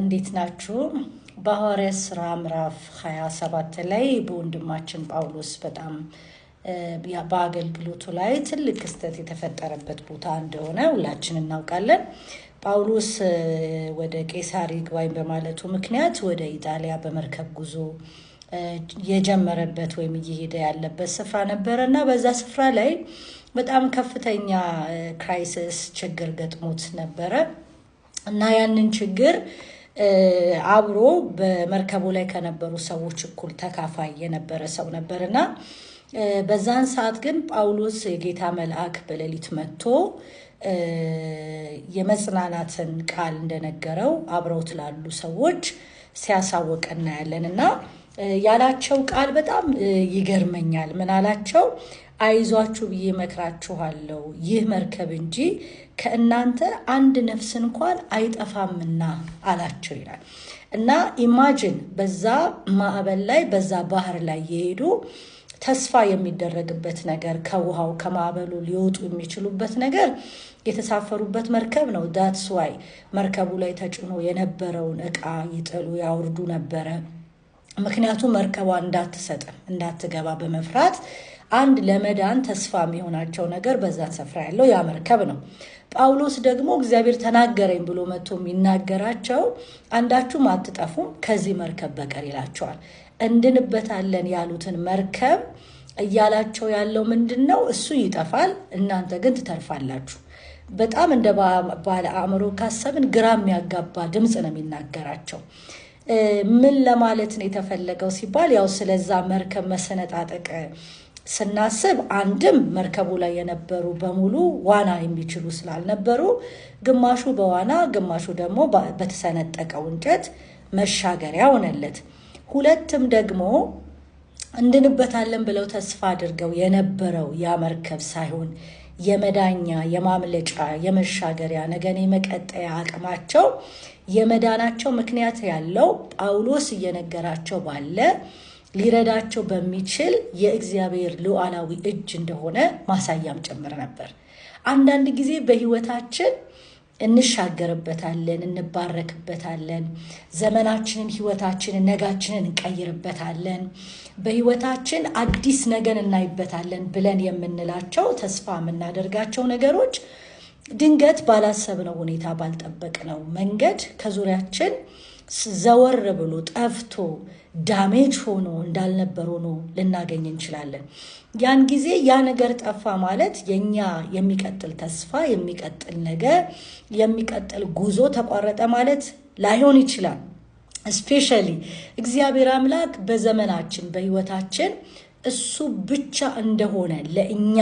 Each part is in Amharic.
እንዴት ናችሁ? በሐዋርያት ስራ ምዕራፍ 27 ላይ በወንድማችን ጳውሎስ በጣም በአገልግሎቱ ላይ ትልቅ ክስተት የተፈጠረበት ቦታ እንደሆነ ሁላችን እናውቃለን። ጳውሎስ ወደ ቄሳሪ ይግባኝ በማለቱ ምክንያት ወደ ኢጣሊያ በመርከብ ጉዞ የጀመረበት ወይም እየሄደ ያለበት ስፍራ ነበረ እና በዛ ስፍራ ላይ በጣም ከፍተኛ ክራይሲስ ችግር ገጥሞት ነበረ። እና ያንን ችግር አብሮ በመርከቡ ላይ ከነበሩ ሰዎች እኩል ተካፋይ የነበረ ሰው ነበር እና በዛን ሰዓት ግን ጳውሎስ የጌታ መልአክ በሌሊት መጥቶ የመጽናናትን ቃል እንደነገረው አብረውት ላሉ ሰዎች ሲያሳወቅ እናያለን እና ያላቸው ቃል በጣም ይገርመኛል። ምን አላቸው? አይዟችሁ ብዬ መክራችኋለሁ። ይህ መርከብ እንጂ ከእናንተ አንድ ነፍስ እንኳን አይጠፋምና አላቸው ይላል እና ኢማጅን በዛ ማዕበል ላይ በዛ ባህር ላይ የሄዱ ተስፋ የሚደረግበት ነገር ከውሃው ከማዕበሉ ሊወጡ የሚችሉበት ነገር የተሳፈሩበት መርከብ ነው። ዳትስ ዋይ መርከቡ ላይ ተጭኖ የነበረውን ዕቃ ይጥሉ ያውርዱ ነበረ። ምክንያቱም መርከቧ እንዳትሰጥ እንዳትገባ በመፍራት አንድ ለመዳን ተስፋ የሚሆናቸው ነገር በዛ ስፍራ ያለው ያ መርከብ ነው። ጳውሎስ ደግሞ እግዚአብሔር ተናገረኝ ብሎ መጥቶ የሚናገራቸው አንዳችሁም አትጠፉም ከዚህ መርከብ በቀር ይላቸዋል። እንድንበታለን ያሉትን መርከብ እያላቸው ያለው ምንድን ነው? እሱ ይጠፋል፣ እናንተ ግን ትተርፋላችሁ። በጣም እንደ ባለ አእምሮ ካሰብን ግራ የሚያጋባ ድምፅ ነው የሚናገራቸው። ምን ለማለት ነው የተፈለገው ሲባል ያው ስለዛ መርከብ መሰነጣጠቅ ስናስብ አንድም መርከቡ ላይ የነበሩ በሙሉ ዋና የሚችሉ ስላልነበሩ ግማሹ በዋና ግማሹ ደግሞ በተሰነጠቀው እንጨት መሻገሪያ ሆነለት። ሁለትም ደግሞ እንድንበታለን ብለው ተስፋ አድርገው የነበረው ያ መርከብ ሳይሆን የመዳኛ የማምለጫ የመሻገሪያ ነገን የመቀጠያ አቅማቸው የመዳናቸው ምክንያት ያለው ጳውሎስ እየነገራቸው ባለ ሊረዳቸው በሚችል የእግዚአብሔር ሉዓላዊ እጅ እንደሆነ ማሳያም ጭምር ነበር። አንዳንድ ጊዜ በህይወታችን እንሻገርበታለን፣ እንባረክበታለን። ዘመናችንን፣ ህይወታችንን ነጋችንን እንቀይርበታለን። በህይወታችን አዲስ ነገን እናይበታለን ብለን የምንላቸው ተስፋ የምናደርጋቸው ነገሮች ድንገት ባላሰብነው ሁኔታ ባልጠበቅነው መንገድ ከዙሪያችን ዘወር ብሎ ጠፍቶ ዳሜጅ ሆኖ እንዳልነበር ሆኖ ልናገኝ እንችላለን። ያን ጊዜ ያ ነገር ጠፋ ማለት የኛ የሚቀጥል ተስፋ፣ የሚቀጥል ነገር፣ የሚቀጥል ጉዞ ተቋረጠ ማለት ላይሆን ይችላል። እስፔሻሊ እግዚአብሔር አምላክ በዘመናችን በህይወታችን እሱ ብቻ እንደሆነ ለእኛ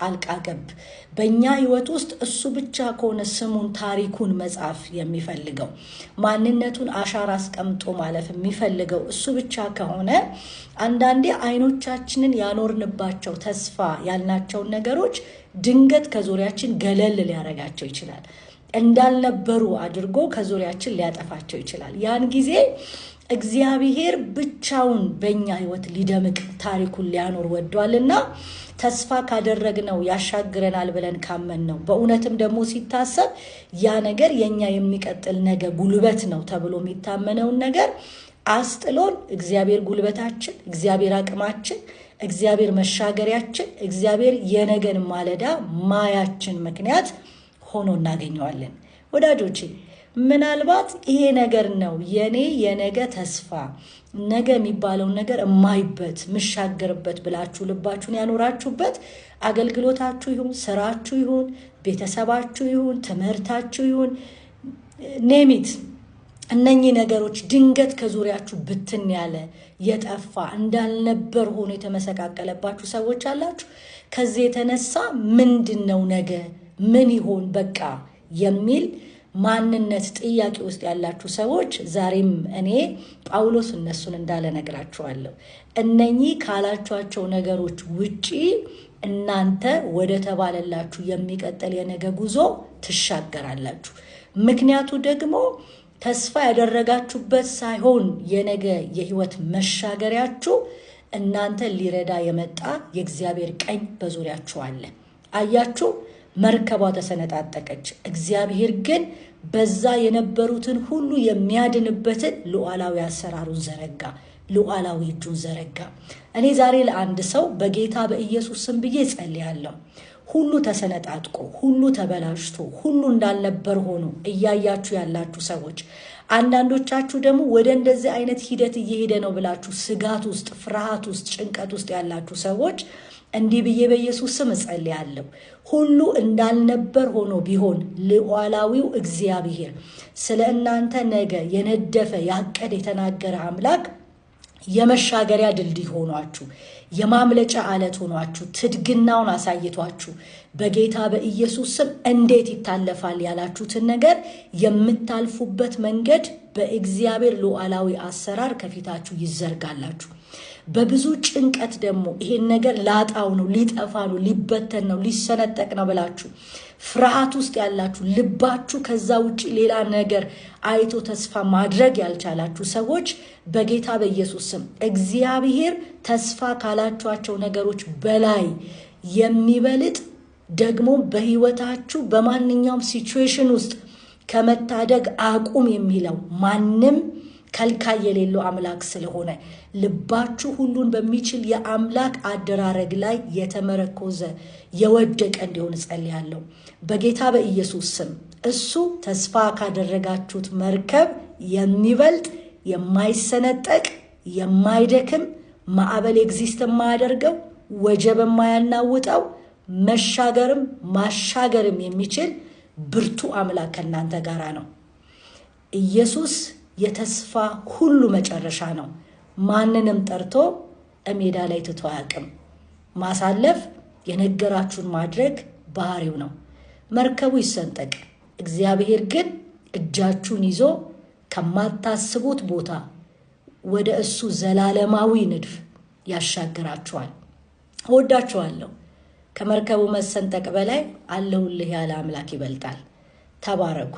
ጣልቃ ገብ በእኛ ህይወት ውስጥ እሱ ብቻ ከሆነ ስሙን ታሪኩን መጻፍ የሚፈልገው ማንነቱን አሻራ አስቀምጦ ማለፍ የሚፈልገው እሱ ብቻ ከሆነ አንዳንዴ አይኖቻችንን ያኖርንባቸው ተስፋ ያልናቸውን ነገሮች ድንገት ከዙሪያችን ገለል ሊያደርጋቸው ይችላል። እንዳልነበሩ አድርጎ ከዙሪያችን ሊያጠፋቸው ይችላል። ያን ጊዜ እግዚአብሔር ብቻውን በእኛ ህይወት ሊደምቅ ታሪኩን ሊያኖር ወዷልና ተስፋ ካደረግነው ያሻግረናል ብለን ካመን ነው። በእውነትም ደግሞ ሲታሰብ ያ ነገር የእኛ የሚቀጥል ነገ ጉልበት ነው ተብሎ የሚታመነውን ነገር አስጥሎን እግዚአብሔር ጉልበታችን፣ እግዚአብሔር አቅማችን፣ እግዚአብሔር መሻገሪያችን፣ እግዚአብሔር የነገን ማለዳ ማያችን ምክንያት ሆኖ እናገኘዋለን ወዳጆቼ። ምናልባት ይሄ ነገር ነው የኔ የነገ ተስፋ ነገ የሚባለውን ነገር እማይበት ምሻገርበት ብላችሁ ልባችሁን ያኖራችሁበት አገልግሎታችሁ ይሁን፣ ስራችሁ ይሁን፣ ቤተሰባችሁ ይሁን፣ ትምህርታችሁ ይሁን ኔሚት እነኚህ ነገሮች ድንገት ከዙሪያችሁ ብትን ያለ የጠፋ እንዳልነበር ሆኖ የተመሰቃቀለባችሁ ሰዎች አላችሁ። ከዚህ የተነሳ ምንድን ነው ነገ ምን ይሆን በቃ የሚል ማንነት ጥያቄ ውስጥ ያላችሁ ሰዎች ዛሬም እኔ ጳውሎስ እነሱን እንዳለ ነግራችኋለሁ። እነኚህ ካላችኋቸው ነገሮች ውጪ እናንተ ወደ ተባለላችሁ የሚቀጥል የነገ ጉዞ ትሻገራላችሁ። ምክንያቱ ደግሞ ተስፋ ያደረጋችሁበት ሳይሆን የነገ የህይወት መሻገሪያችሁ እናንተ ሊረዳ የመጣ የእግዚአብሔር ቀኝ በዙሪያችሁ አለ። አያችሁ። መርከቧ ተሰነጣጠቀች። እግዚአብሔር ግን በዛ የነበሩትን ሁሉ የሚያድንበትን ሉዓላዊ አሰራሩን ዘረጋ፣ ሉዓላዊ እጁን ዘረጋ። እኔ ዛሬ ለአንድ ሰው በጌታ በኢየሱስ ስም ብዬ ጸልያለሁ። ሁሉ ተሰነጣጥቆ፣ ሁሉ ተበላሽቶ፣ ሁሉ እንዳልነበር ሆኖ እያያችሁ ያላችሁ ሰዎች አንዳንዶቻችሁ ደግሞ ወደ እንደዚህ አይነት ሂደት እየሄደ ነው ብላችሁ ስጋት ውስጥ፣ ፍርሃት ውስጥ፣ ጭንቀት ውስጥ ያላችሁ ሰዎች እንዲህ ብዬ በኢየሱስ ስም እጸልያለሁ። ሁሉ እንዳልነበር ሆኖ ቢሆን ልዑላዊው እግዚአብሔር ስለ እናንተ ነገ የነደፈ ያቀደ የተናገረ አምላክ የመሻገሪያ ድልድይ ሆኗችሁ የማምለጫ አለት ሆኗችሁ ትድግናውን አሳይቷችሁ በጌታ በኢየሱስ ስም እንዴት ይታለፋል ያላችሁትን ነገር የምታልፉበት መንገድ በእግዚአብሔር ሉዓላዊ አሰራር ከፊታችሁ ይዘርጋላችሁ። በብዙ ጭንቀት ደግሞ ይሄን ነገር ላጣው ነው፣ ሊጠፋ ነው፣ ሊበተን ነው፣ ሊሰነጠቅ ነው ብላችሁ ፍርሃት ውስጥ ያላችሁ ልባችሁ ከዛ ውጭ ሌላ ነገር አይቶ ተስፋ ማድረግ ያልቻላችሁ ሰዎች በጌታ በኢየሱስ ስም እግዚአብሔር ተስፋ ካላችኋቸው ነገሮች በላይ የሚበልጥ ደግሞ በህይወታችሁ በማንኛውም ሲቹዌሽን ውስጥ ከመታደግ አቁም የሚለው ማንም ከልካይ የሌለው አምላክ ስለሆነ ልባችሁ ሁሉን በሚችል የአምላክ አደራረግ ላይ የተመረኮዘ የወደቀ እንዲሆን እጸልያለሁ በጌታ በኢየሱስ ስም። እሱ ተስፋ ካደረጋችሁት መርከብ የሚበልጥ የማይሰነጠቅ የማይደክም ማዕበል ኤግዚስት የማያደርገው ወጀብ የማያናውጠው መሻገርም ማሻገርም የሚችል ብርቱ አምላክ ከእናንተ ጋር ነው ኢየሱስ የተስፋ ሁሉ መጨረሻ ነው። ማንንም ጠርቶ ሜዳ ላይ ትቶ አያውቅም። ማሳለፍ የነገራችሁን ማድረግ ባህሪው ነው። መርከቡ ይሰንጠቅ፣ እግዚአብሔር ግን እጃችሁን ይዞ ከማታስቡት ቦታ ወደ እሱ ዘላለማዊ ንድፍ ያሻግራችኋል። እወዳችኋለሁ። ከመርከቡ መሰንጠቅ በላይ አለሁልህ ያለ አምላክ ይበልጣል። ተባረኩ።